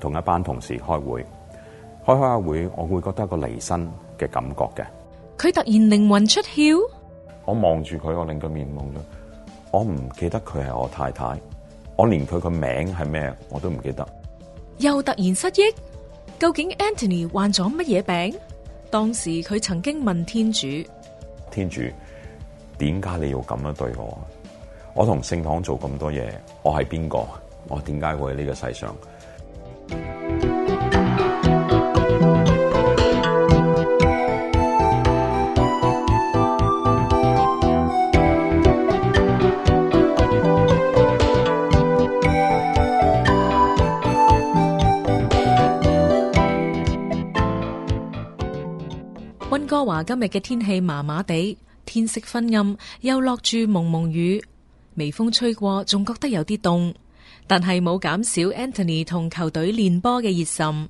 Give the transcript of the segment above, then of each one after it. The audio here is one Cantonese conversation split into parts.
同一班同事開會，開開下會我會覺得一個離身嘅感覺嘅。佢突然靈魂出竅，我望住佢，我擰個面望住，我唔記得佢係我太太，我連佢個名係咩我都唔記得。又突然失憶，究竟 Anthony 患咗乜嘢病？當時佢曾經問天主：天主，點解你要咁樣對我啊？我同聖堂做咁多嘢，我係邊個？我點解會喺呢個世上？溫哥華今日嘅天氣麻麻地，天色昏暗，又落住蒙蒙雨，微風吹過，仲覺得有啲凍，但係冇減少 Anthony 同球隊練波嘅熱心。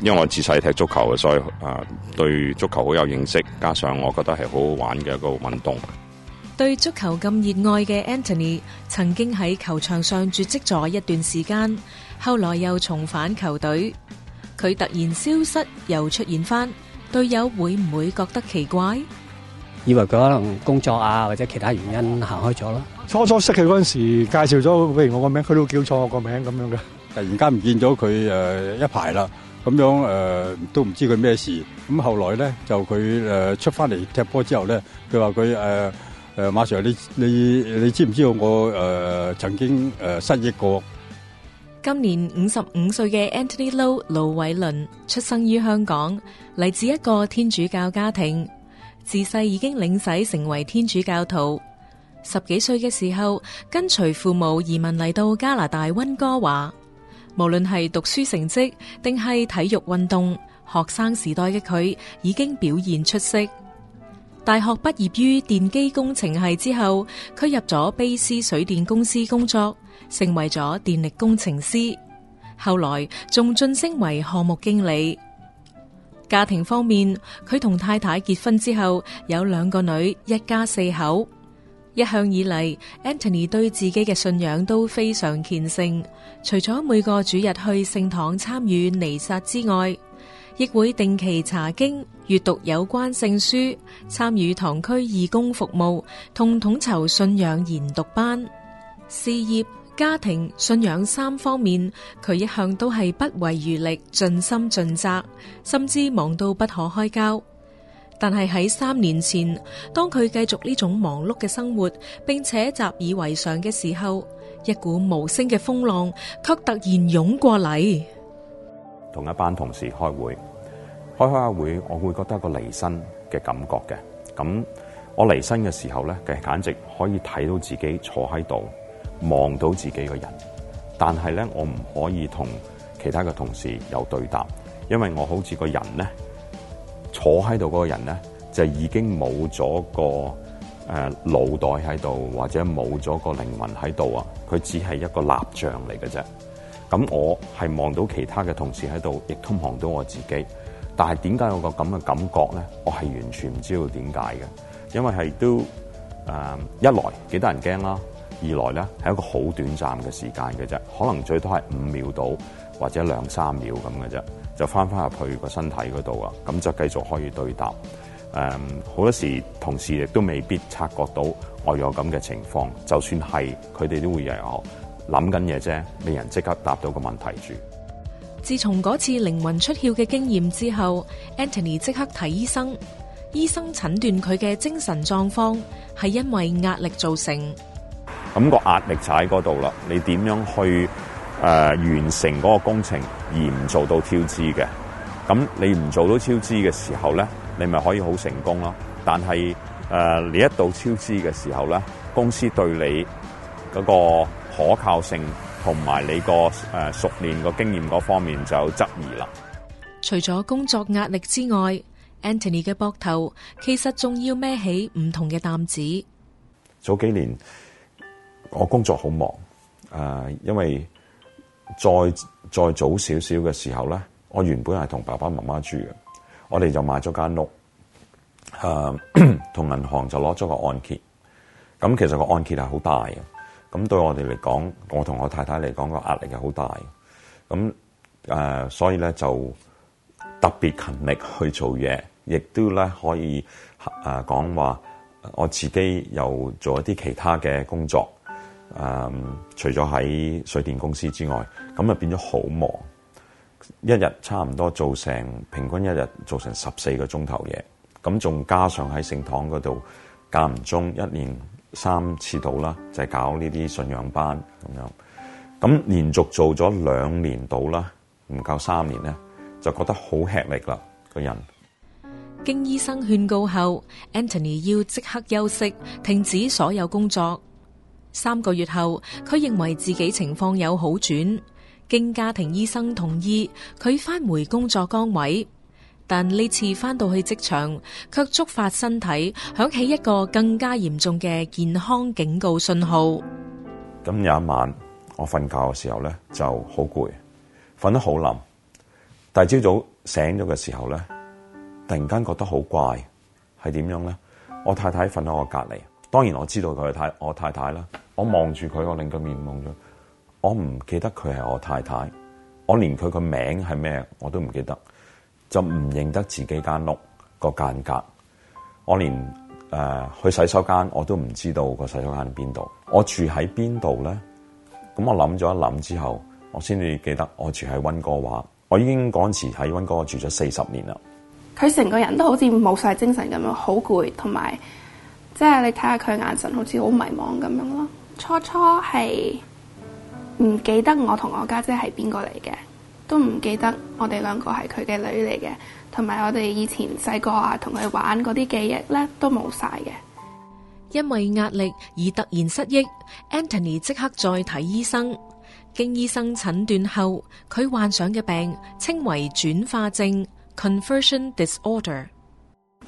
因為我自細踢足球嘅，所以啊對足球好有認識，加上我覺得係好好玩嘅一個運動。對足球咁熱愛嘅 Anthony，曾經喺球場上絕跡咗一段時間，後來又重返球隊。佢突然消失，又出現翻。隊友會唔會覺得奇怪？以為佢可能工作啊或者其他原因行開咗囉。初初識佢嗰陣時，介紹咗譬如我個名，佢都叫錯我個名咁樣嘅。突然間唔見咗佢誒一排啦，咁樣誒都唔知佢咩事。咁後來咧就佢誒出翻嚟踢波之後咧，佢話佢誒誒馬 Sir，你你你知唔知道我誒曾經誒失憶過？今年五十五歲嘅 Anthony Low 盧偉倫，出生於香港，嚟自一個天主教家庭，自細已經領洗成為天主教徒。十幾歲嘅時候，跟隨父母移民嚟到加拿大温哥華。無論係讀書成績定係體育運動，學生時代嘅佢已經表現出色。大學畢業於電機工程系之後，佢入咗卑斯水電公司工作。成為咗電力工程師，後來仲晉升為項目經理。家庭方面，佢同太太結婚之後有兩個女，一家四口。一向以嚟，Anthony 對自己嘅信仰都非常虔誠，除咗每個主日去聖堂參與彌撒之外，亦會定期查經、閱讀有關聖書、參與堂區義工服務同統籌信仰研讀班事業。家庭、信仰三方面，佢一向都係不遺餘力、盡心盡責，甚至忙到不可開交。但係喺三年前，當佢繼續呢種忙碌嘅生活，並且習以為常嘅時候，一股無聲嘅風浪卻突然湧過嚟。同一班同事開會，開開會，我會覺得一個離身嘅感覺嘅。咁我離身嘅時候咧，佢簡直可以睇到自己坐喺度。望到自己個人，但係咧，我唔可以同其他嘅同事有對答，因為我好似個人咧坐喺度嗰個人咧，就已經冇咗個誒、呃、腦袋喺度，或者冇咗個靈魂喺度啊！佢只係一個蠟像嚟嘅啫。咁我係望到其他嘅同事喺度，亦都望到我自己，但係點解有個咁嘅感覺咧？我係完全唔知道點解嘅，因為係都誒、呃、一來幾得人驚啦。二來咧係一個好短暫嘅時間嘅啫，可能最多係五秒到或者兩三秒咁嘅啫，就翻翻入去個身體嗰度啊，咁就繼續可以對答。誒、嗯、好多時同事亦都未必察覺到我有咁嘅情況，就算係佢哋都會有諗緊嘢啫，未能即刻答到個問題住。自從嗰次靈魂出竅嘅經驗之後，Anthony 即刻睇醫生，醫生診斷佢嘅精神狀況係因為壓力造成。咁個壓力就喺嗰度啦。你點樣去誒、呃、完成嗰個工程而唔做到超支嘅？咁你唔做到超支嘅時候咧，你咪可以好成功咯。但係誒、呃、你一到超支嘅時候咧，公司對你嗰個可靠性同埋你個誒、呃、熟練個經驗嗰方面就有質疑啦。除咗工作壓力之外，Anthony 嘅膊頭其實仲要孭起唔同嘅擔子。早幾年，我工作好忙，誒、呃，因為再再早少少嘅時候咧，我原本係同爸爸媽媽住嘅，我哋就買咗間屋，誒、呃，同銀行就攞咗個按揭，咁、嗯、其實個按揭係好大嘅，咁、嗯、對我哋嚟講，我同我太太嚟講個壓力係好大的，咁、嗯、誒、呃，所以咧就特別勤力去做嘢，亦都咧可以誒、呃、講話我自己又做一啲其他嘅工作。誒、嗯，除咗喺水電公司之外，咁就變咗好忙，一日差唔多做成平均一日做成十四個鐘頭嘢，咁仲加上喺聖堂嗰度間唔中一年三次到啦，就係、是、搞呢啲信仰班咁樣。咁連續做咗兩年到啦，唔夠三年咧，就覺得好吃力啦，個人。經醫生勸告後，Anthony 要即刻休息，停止所有工作。三個月後，佢認為自己情況有好轉，經家庭醫生同意，佢返回工作崗位。但呢次返到去職場，卻觸發身體響起一個更加嚴重嘅健康警告信號。咁有一晚，我瞓覺嘅時候呢就好攰，瞓得好冧。但係朝早醒咗嘅時候呢，候突然間覺得好怪，係點樣呢？我太太瞓喺我隔離，當然我知道佢太我太太啦。我望住佢，我令佢面望咗。我唔記得佢係我太太，我連佢個名係咩我都唔記得，就唔認得自己間屋個間隔。我連誒、呃、去洗手間我都唔知道個洗手間喺邊度。我住喺邊度咧？咁我諗咗一諗之後，我先至記得我住喺溫哥華。我已經嗰時喺溫哥華住咗四十年啦。佢成個人都好似冇晒精神咁樣，好攰，同埋即係你睇下佢眼神好似好迷茫咁樣咯。初初係唔記得我同我家姐係邊個嚟嘅，都唔記得我哋兩個係佢嘅女嚟嘅，同埋我哋以前細個啊同佢玩嗰啲記憶咧都冇晒嘅。因為壓力而突然失憶，Anthony 即刻再睇醫生。經醫生診斷後，佢患上嘅病稱為轉化症 （conversion disorder）。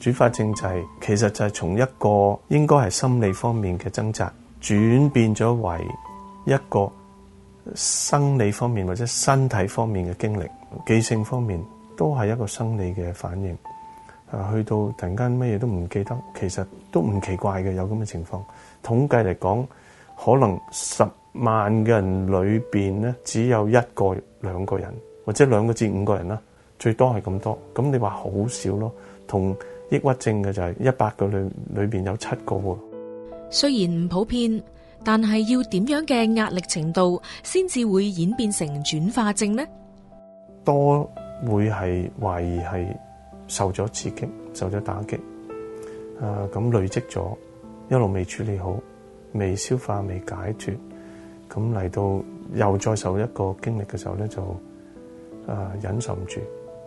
轉化症就係，其實就係從一個應該係心理方面嘅掙扎。轉變咗為一個生理方面或者身體方面嘅經歷，記性方面都係一個生理嘅反應。啊，去到突然間乜嘢都唔記得，其實都唔奇怪嘅，有咁嘅情況。統計嚟講，可能十萬嘅人裏邊咧，只有一個、兩個人或者兩個至五個人啦，最多係咁多。咁你話好少咯？同抑鬱症嘅就係一百個裏面裏邊有七個喎。雖然唔普遍，但係要點樣嘅壓力程度先至會演變成轉化症呢？多會係懷疑係受咗刺激，受咗打擊，誒、呃、咁累積咗，一路未處理好、未消化、未解決，咁嚟到又再受一個經歷嘅時候咧，就隱、呃、忍受唔住，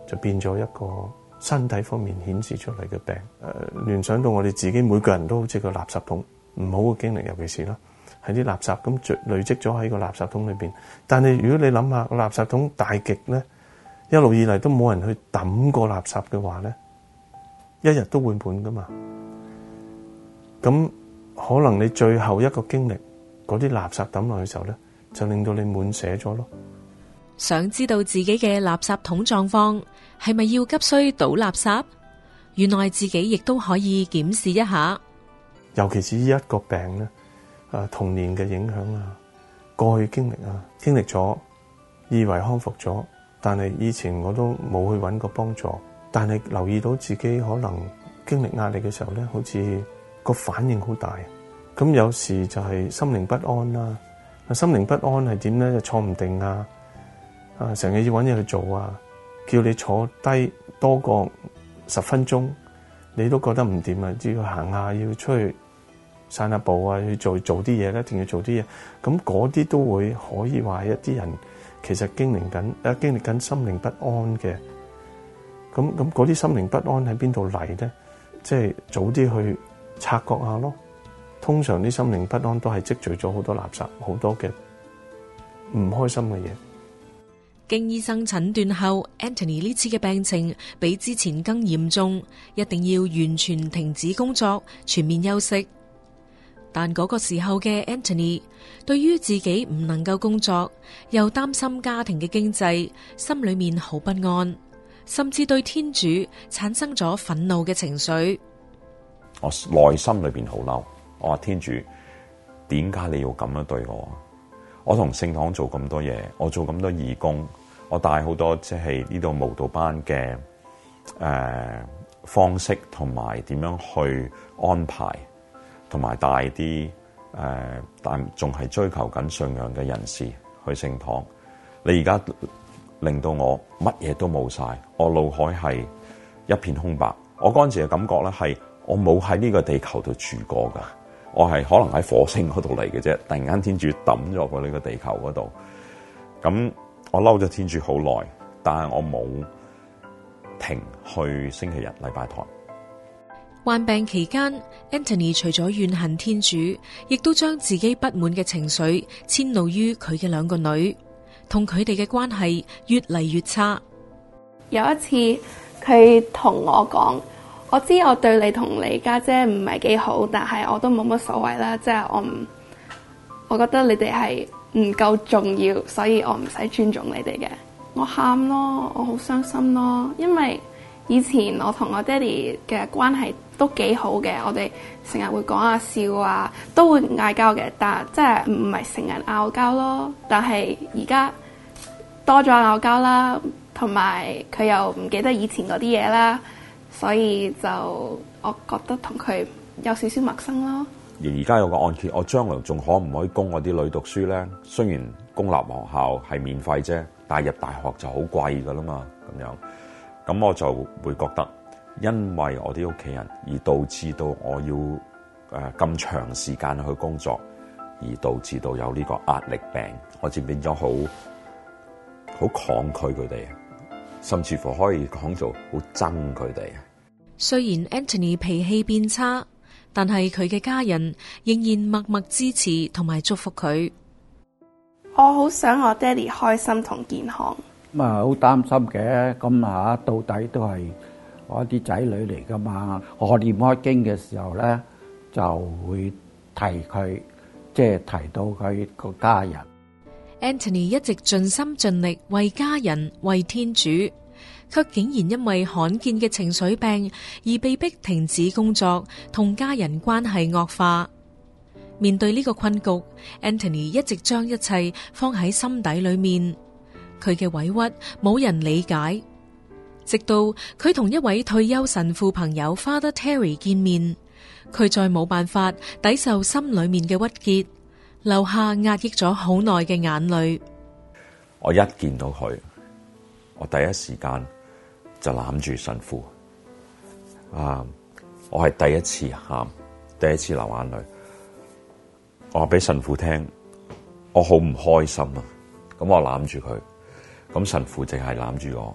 就變咗一個身體方面顯示出嚟嘅病。誒、呃，聯想到我哋自己，每個人都好似個垃圾桶。唔好嘅經歷，尤其是啦，喺啲垃圾咁累積咗喺個垃圾桶裏邊。但係如果你諗下個垃圾桶大極咧，一路以嚟都冇人去抌過垃圾嘅話咧，一日都會滿㗎嘛。咁可能你最後一個經歷嗰啲垃圾抌落去嘅時候咧，就令到你滿瀉咗咯。想知道自己嘅垃圾桶狀況係咪要急需倒垃圾？原來自己亦都可以檢視一下。尤其是依一個病咧，誒、啊，童年嘅影響啊，過去經歷啊，經歷咗，以為康復咗，但係以前我都冇去揾過幫助，但係留意到自己可能經歷壓力嘅時候咧，好似個反應好大，咁有時就係心靈不安啦，啊啊，心靈不安係點咧？就坐唔定啊，啊，成日要揾嘢去做啊，叫你坐低多過十分鐘，你都覺得唔掂啊，只要行下要出去。散下步啊，去做做啲嘢咧，一定要做啲嘢。咁嗰啲都會可以話一啲人其實經歷緊啊，經歷緊心靈不安嘅。咁咁啲心靈不安喺邊度嚟咧？即係早啲去察覺下咯。通常啲心靈不安都係積聚咗好多垃圾，好多嘅唔開心嘅嘢。經醫生診斷後，a n t h o n y Anthony 呢次嘅病情比之前更嚴重，一定要完全停止工作，全面休息。但嗰個時候嘅 Anthony 對於自己唔能夠工作，又擔心家庭嘅經濟，心裏面好不安，甚至對天主產生咗憤怒嘅情緒。我內心裏邊好嬲，我話天主點解你要咁樣對我啊？我同聖堂做咁多嘢，我做咁多義工，我帶好多即係呢度舞蹈班嘅、誒、呃、方式同埋點樣去安排。同埋大啲、呃，但仲係追求緊信仰嘅人士去聖堂。你而家令到我乜嘢都冇晒，我腦海係一片空白。我嗰陣時嘅感覺咧係，我冇喺呢個地球度住過噶。我係可能喺火星嗰度嚟嘅啫。突然間天主抌咗我喺呢個地球嗰度，咁我嬲咗天主好耐，但係我冇停去星期日禮拜堂。患病期間，Anthony 除咗怨恨天主，亦都將自己不滿嘅情緒遷怒於佢嘅兩個女，同佢哋嘅關係越嚟越差。有一次，佢同我講：我知我對你同你家姐唔係幾好，但係我都冇乜所謂啦，即係我唔，我覺得你哋係唔夠重要，所以我唔使尊重你哋嘅。我喊咯，我好傷心咯，因為以前我同我爹哋嘅關係。都幾好嘅，我哋成日會講下笑啊，都會嗌交嘅，但係即係唔係成日拗交咯。但係而家多咗拗交啦，同埋佢又唔記得以前嗰啲嘢啦，所以就我覺得同佢有少少陌生咯。而家有個案揭，我將來仲可唔可以供我啲女讀書咧？雖然公立學校係免費啫，但係入大學就好貴噶啦嘛，咁樣，咁我就會覺得。因為我啲屋企人而導致到我要誒咁、呃、長時間去工作，而導致到有呢個壓力病，我就變咗好好抗拒佢哋，甚至乎可以講做好憎佢哋。雖然 Anthony 脾氣變差，但係佢嘅家人仍然默默支持同埋祝福佢。我好想我爹哋開心同健康。咁啊，好擔心嘅，咁啊，到底都係。我啲仔女嚟噶嘛？我念開經嘅時候咧，就會提佢，即係提到佢個家人。Anthony 一直盡心盡力為家人、為天主，卻竟然因為罕見嘅情緒病而被迫停止工作，同家人關係惡化。面對呢個困局，Anthony 一直將一切放喺心底裏面，佢嘅委屈冇人理解。直到佢同一位退休神父朋友 Father Terry 見面，佢再冇辦法抵受心裏面嘅鬱結，留下壓抑咗好耐嘅眼淚。我一見到佢，我第一時間就攬住神父。啊，我係第一次喊，第一次流眼淚。我話俾神父聽，我好唔開心啊！咁我攬住佢，咁神父淨係攬住我。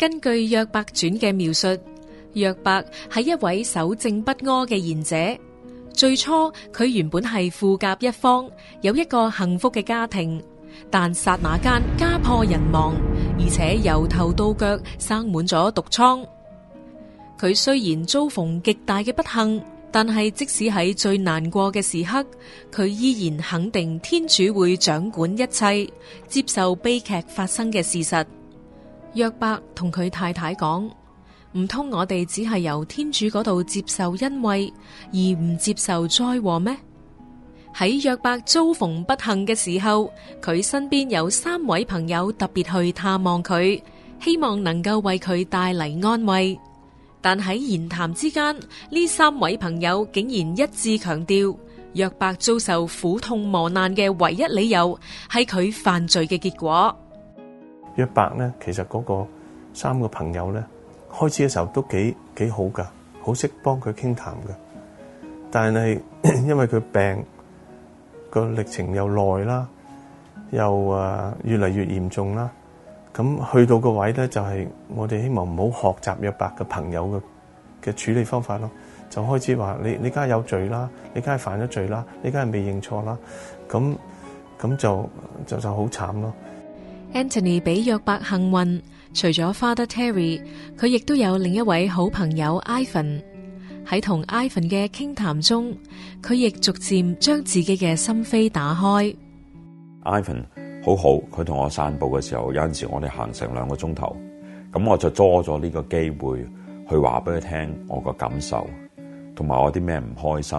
根據《約伯傳》嘅描述，約伯係一位守正不阿嘅賢者。最初佢原本係富甲一方，有一個幸福嘅家庭，但剎那間家破人亡，而且由頭到腳生滿咗毒瘡。佢雖然遭逢極大嘅不幸，但係即使喺最難過嘅時刻，佢依然肯定天主會掌管一切，接受悲劇發生嘅事實。約伯同佢太太講：唔通我哋只係由天主嗰度接受恩惠，而唔接受災禍咩？喺約伯遭逢不幸嘅時候，佢身邊有三位朋友特別去探望佢，希望能夠為佢帶嚟安慰。但喺言談之間，呢三位朋友竟然一致強調，約伯遭受苦痛磨難嘅唯一理由係佢犯罪嘅結果。約伯咧，其實嗰個三個朋友咧，開始嘅時候都幾幾好噶，好識幫佢傾談噶。但係因為佢病個歷程又耐啦，又啊越嚟越嚴重啦，咁去到個位咧，就係我哋希望唔好學習約伯嘅朋友嘅嘅處理方法咯，就開始話你，你梗係有罪啦，你梗係犯咗罪啦，你梗係未認錯啦，咁咁就就就好慘咯。Anthony 比約伯幸運，除咗 Father Terry，佢亦都有另一位好朋友 Ivan。喺同 Ivan 嘅傾談中，佢亦逐漸將自己嘅心扉打開。Ivan 好好，佢同我散步嘅時候，有陣時我哋行成兩個鐘頭，咁我就多咗呢個機會去話俾佢聽我個感受，同埋我啲咩唔開心。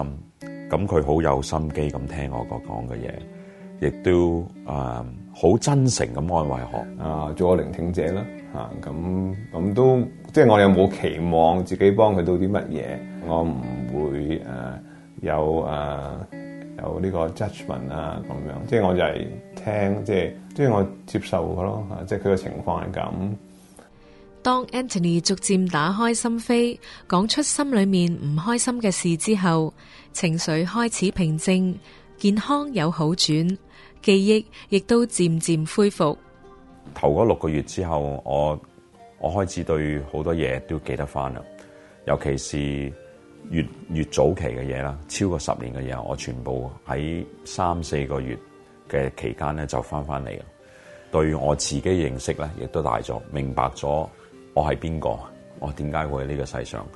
咁佢好有心機咁聽我個講嘅嘢，亦都誒。Um, 好真誠咁安慰佢，啊做個聆聽者啦，嚇咁咁都即係我有冇期望自己幫佢到啲乜嘢，我唔會誒、啊、有誒、啊、有呢個 judgment 啊咁樣，即係我就係聽即係即係我接受咯，嚇即係佢個情況係咁。當 Anthony 逐漸打開心扉，講出心裡面唔開心嘅事之後，情緒開始平靜，健康有好轉。記憶亦都漸漸恢復。頭嗰六個月之後，我我開始對好多嘢都記得翻啦，尤其是越越早期嘅嘢啦，超過十年嘅嘢，我全部喺三四個月嘅期間咧就翻翻嚟。對我自己的認識咧，亦都大咗，明白咗我係邊個，我點解會喺呢個世上，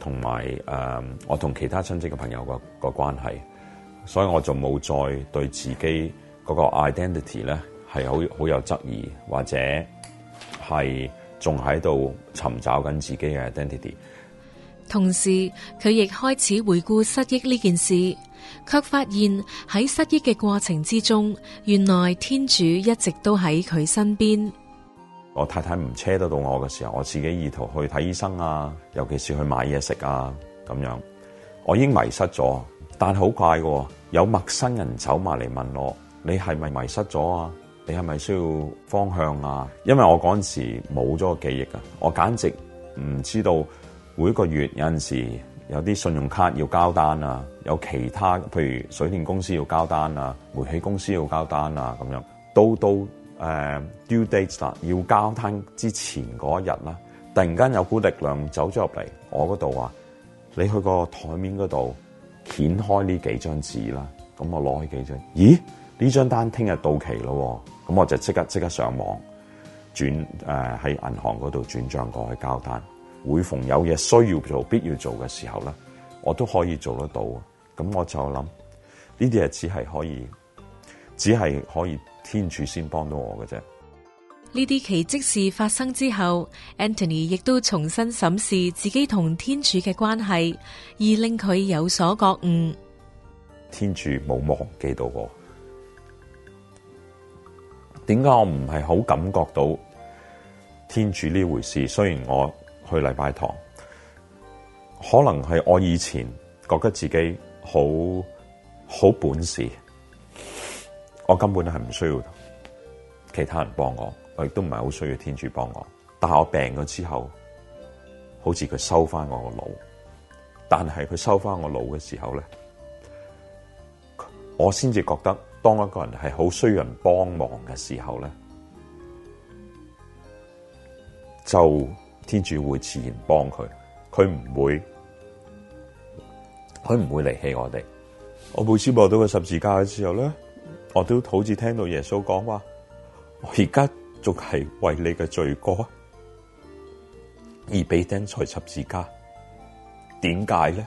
同埋誒我同其他親戚嘅朋友個、嗰個關係，所以我仲冇再對自己，嗰個 identity 咧係好好有質疑，或者係仲喺度尋找緊自己嘅 identity。同時，佢亦開始回顧失憶呢件事，卻發現喺失憶嘅過程之中，原來天主一直都喺佢身邊。我太太唔車得到我嘅時候，我自己意圖去睇醫生啊，尤其是去買嘢食啊咁樣，我已經迷失咗。但好怪嘅，有陌生人走埋嚟問我。你係咪迷失咗啊？你係咪需要方向啊？因為我嗰時冇咗個記憶啊，我簡直唔知道每一個月有陣時有啲信用卡要交單啊，有其他譬如水電公司要交單啊，煤氣公司要交單啊，咁樣都到誒、呃、due date 啦，要交單之前嗰一日啦，突然間有股力量走咗入嚟我嗰度啊，你去個台面嗰度掀開呢幾張紙啦，咁我攞起幾張，咦？呢張單聽日到期咯，咁我就即刻即刻上網轉誒喺、呃、銀行嗰度轉賬過去交單。每逢有嘢需要做，必要做嘅時候咧，我都可以做得到。咁我就諗呢啲嘢只係可以，只係可以天主先幫到我嘅啫。呢啲奇蹟事發生之後，Anthony 亦都重新審視自己同天主嘅關係，而令佢有所覺悟。天主冇忘記到我。點解我唔係好感覺到天主呢回事？雖然我去禮拜堂，可能係我以前覺得自己好好本事，我根本都係唔需要其他人幫我，我亦都唔係好需要天主幫我。但係我病咗之後，好似佢收翻我個腦，但係佢收翻我腦嘅時候咧，我先至覺得。當一個人係好需要人幫忙嘅時候咧，就天主會自然幫佢，佢唔會，佢唔會離棄我哋。我每次摸到個十字架嘅時候咧，我都好似聽到耶穌講話：我而家仲係為你嘅罪過而被釘在十字架，點解咧？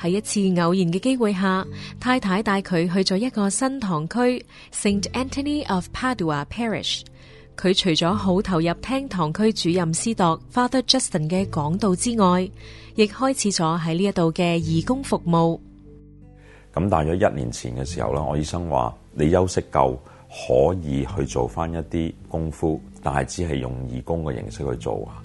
喺一次偶然嘅機會下，太太帶佢去咗一個新堂區 Saint Anthony of Padua Parish。佢除咗好投入聽堂區主任司鐸 Father Justin 嘅講道之外，亦開始咗喺呢一度嘅義工服務。咁大約一年前嘅時候啦，我醫生話你休息夠，可以去做返一啲功夫，但係只係用義工嘅形式去做啊。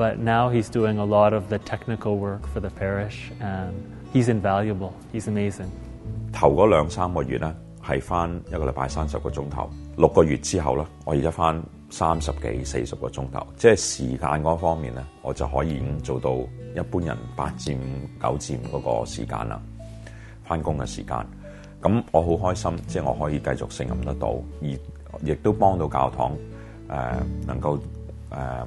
But now he's doing a lot of the technical work for the parish, and he's invaluable. He's amazing. 頭嗰兩三個月咧，係翻一個禮拜三十個鐘頭。六個月之後咧，我而家翻三十幾四十個鐘頭，即係時間嗰方面咧，我就可以做到一般人八至五九至五嗰個時間啦。翻工嘅時間，咁我好開心，即係我可以繼續勝任得到，而亦都幫到教堂誒、呃，能夠誒。呃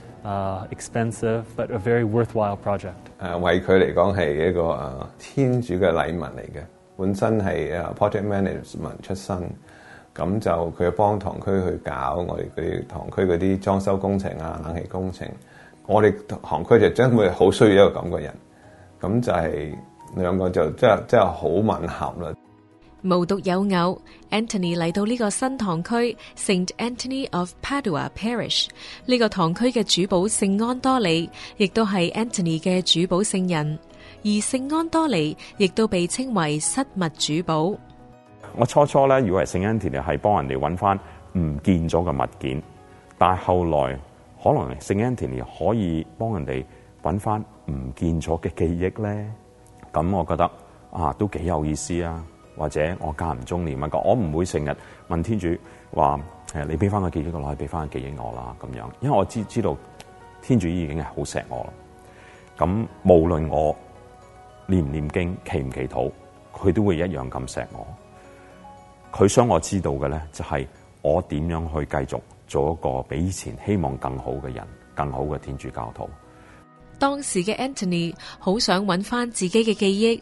誒，為佢嚟講係一個、uh, 天主嘅禮物嚟嘅，本身係、uh, project management 出身，咁就佢幫堂區去搞我哋啲堂區嗰啲裝修工程啊、冷氣工程，我哋堂區就將會好需要一個咁嘅人，咁就係兩個就真係好吻合啦。無獨有偶，Anthony 嚟到呢個新堂區 Saint Anthony of Padua Parish，呢個堂區嘅主保聖安多尼亦都係 Anthony 嘅主保聖人，而聖安多尼亦都被稱為失物主保。我初初咧以為聖 Anthony 係幫人哋揾翻唔見咗嘅物件，但係後來可能聖 Anthony 可以幫人哋揾翻唔見咗嘅記憶咧，咁我覺得啊都幾有意思啊！或者我間唔中連問過，我唔會成日問天主話誒，你俾翻個記憶，個攞去俾翻個記憶我啦，咁樣，因為我知知道天主已經係好錫我啦。咁無論我念唔念經祈唔祈禱，佢都會一樣咁錫我。佢想我知道嘅咧，就係我點樣去繼續做一個比以前希望更好嘅人、更好嘅天主教徒。當時嘅 Anthony 好想揾翻自己嘅記憶。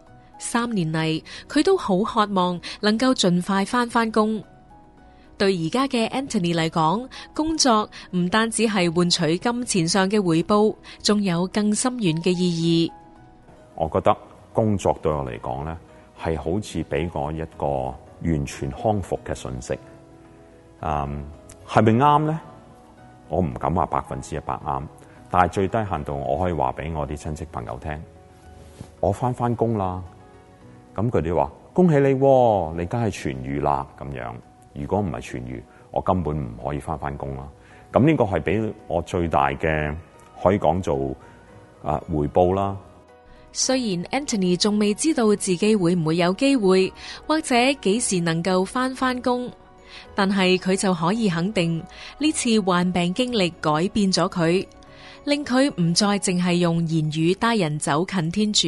三年嚟，佢都好渴望能夠盡快翻翻工。對而家嘅 Anthony 嚟講，工作唔單止係換取金錢上嘅回報，仲有更深遠嘅意義。我覺得工作對我嚟講咧，係好似俾我一個完全康復嘅信息。嗯，係咪啱呢？我唔敢話百分之一百啱，但係最低限度我可以話俾我啲親戚朋友聽，我翻翻工啦。咁佢哋話，恭喜你，你梗係痊愈啦咁樣。如果唔係痊愈，我根本唔可以翻翻工啦。咁呢個係俾我最大嘅，可以講做啊回報啦。雖然 Anthony 仲未知道自己會唔會有機會，或者幾時能夠翻翻工，但係佢就可以肯定呢次患病經歷改變咗佢，令佢唔再淨係用言語帶人走近天主。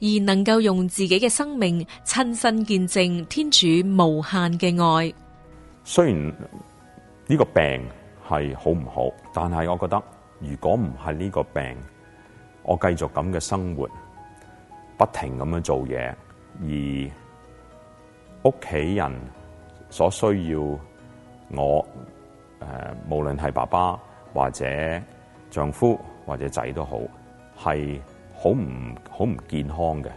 而能夠用自己嘅生命親身見證天主無限嘅愛。雖然呢個病係好唔好，但係我覺得如果唔係呢個病，我繼續咁嘅生活，不停咁樣做嘢，而屋企人所需要我誒，無論係爸爸或者丈夫或者仔都好，係。好唔好唔健康嘅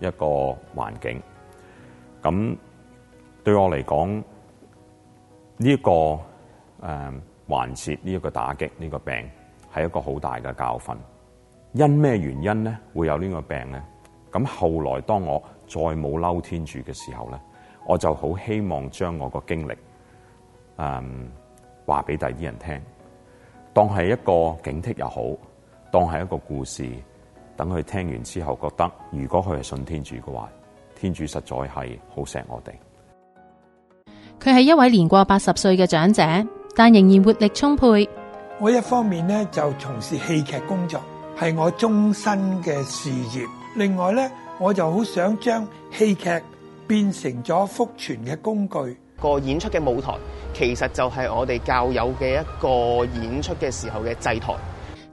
一個環境，咁對我嚟講呢一個誒、嗯、環節呢一、呢個打擊呢、呢個病係一個好大嘅教訓。因咩原因咧會有呢個病咧？咁後來當我再冇嬲天主嘅時候咧，我就好希望將我個經歷誒話俾第二人聽，當係一個警惕又好，當係一個故事。等佢聽完之後，覺得如果佢係信天主嘅話，天主實在係好錫我哋。佢係一位年過八十歲嘅長者，但仍然活力充沛。我一方面呢，就從事戲劇工作，係我終身嘅事業。另外呢，我就好想將戲劇變成咗福傳嘅工具。個演出嘅舞台，其實就係我哋教友嘅一個演出嘅時候嘅祭台。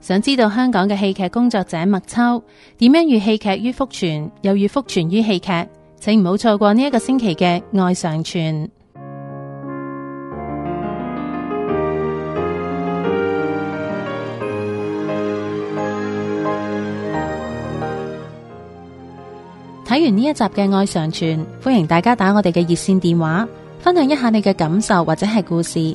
想知道香港嘅戲劇工作者麥秋點樣寓戲劇於福傳，又寓福傳於戲劇，請唔好錯過呢一個星期嘅《愛上傳》。睇 完呢一集嘅《愛上傳》，歡迎大家打我哋嘅熱線電話，分享一下你嘅感受或者係故事。